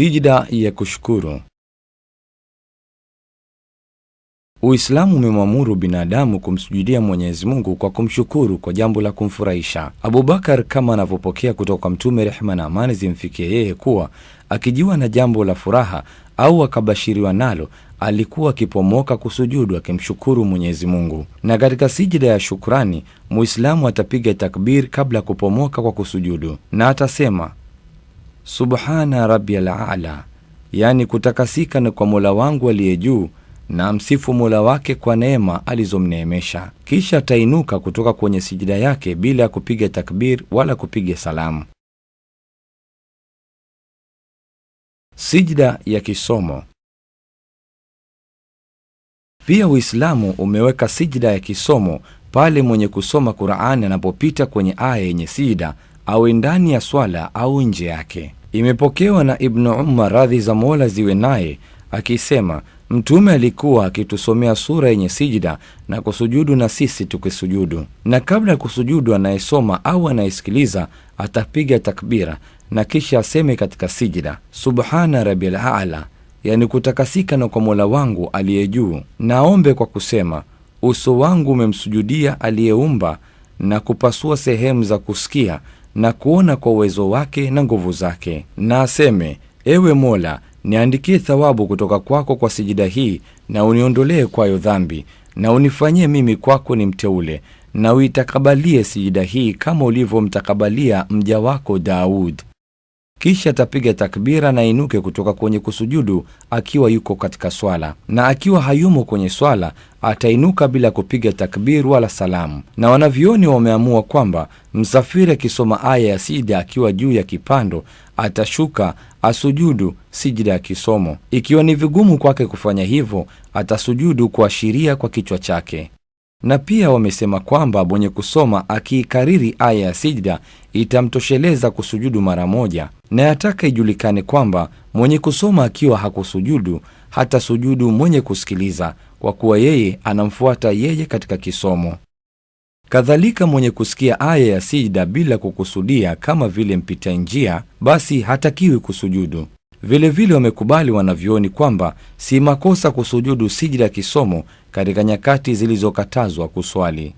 Sijida ya kushukuru. Uislamu umemwamuru binadamu kumsujudia Mwenyezi Mungu kwa kumshukuru kwa jambo la kumfurahisha. Abubakar, kama anavyopokea kutoka kwa Mtume, rehma na amani zimfikie yeye, kuwa akijiwa na jambo la furaha au akabashiriwa nalo, alikuwa akipomoka kusujudu akimshukuru Mwenyezi Mungu. Na katika sijida ya shukrani, Muislamu atapiga takbir kabla ya kupomoka kwa kusujudu na atasema subhana rabbiyal alala yani kutakasika na kwa Mola wangu aliye juu, na msifu Mola wake kwa neema alizomneemesha. Kisha atainuka kutoka kwenye sijida yake bila ya kupiga takbir wala kupiga salamu. Sijda ya kisomo. Pia Uislamu umeweka sijda ya kisomo pale mwenye kusoma Qur'ani anapopita kwenye aya yenye sijida awe ndani ya swala au nje yake. Imepokewa na Ibnu Umar, radhi za Mola ziwe naye, akisema Mtume alikuwa akitusomea sura yenye sijida na kusujudu na sisi tukisujudu. Na kabla ya kusujudu, anayesoma au anayesikiliza atapiga takbira na kisha aseme katika sijida, subhana rabbil ala, yani kutakasika na kwa Mola wangu aliye juu, naombe kwa kusema uso wangu umemsujudia aliyeumba na kupasua sehemu za kusikia na kuona kwa uwezo wake na nguvu zake, na aseme, ewe Mola, niandikie thawabu kutoka kwako kwa sijida hii, na uniondolee kwayo dhambi, na unifanyie mimi kwako ni mteule, na uitakabalie sijida hii kama ulivyomtakabalia mja wako Daud kisha atapiga takbira na inuke kutoka kwenye kusujudu akiwa yuko katika swala, na akiwa hayumo kwenye swala atainuka bila kupiga takbir wala salamu. Na wanavyoni wameamua kwamba msafiri akisoma aya ya sijida akiwa juu ya kipando atashuka asujudu sijida ya kisomo. Ikiwa ni vigumu kwake kufanya hivyo, atasujudu kuashiria kwa kichwa chake. Na pia wamesema kwamba mwenye kusoma akiikariri aya ya sijda itamtosheleza kusujudu mara moja, na yataka ijulikane kwamba mwenye kusoma akiwa hakusujudu hata sujudu mwenye kusikiliza, kwa kuwa yeye anamfuata yeye katika kisomo. Kadhalika, mwenye kusikia aya ya sijda bila kukusudia, kama vile mpita njia, basi hatakiwi kusujudu. Vilevile, wamekubali wanavyoni kwamba si makosa kusujudu sijda ya kisomo katika nyakati zilizokatazwa kuswali.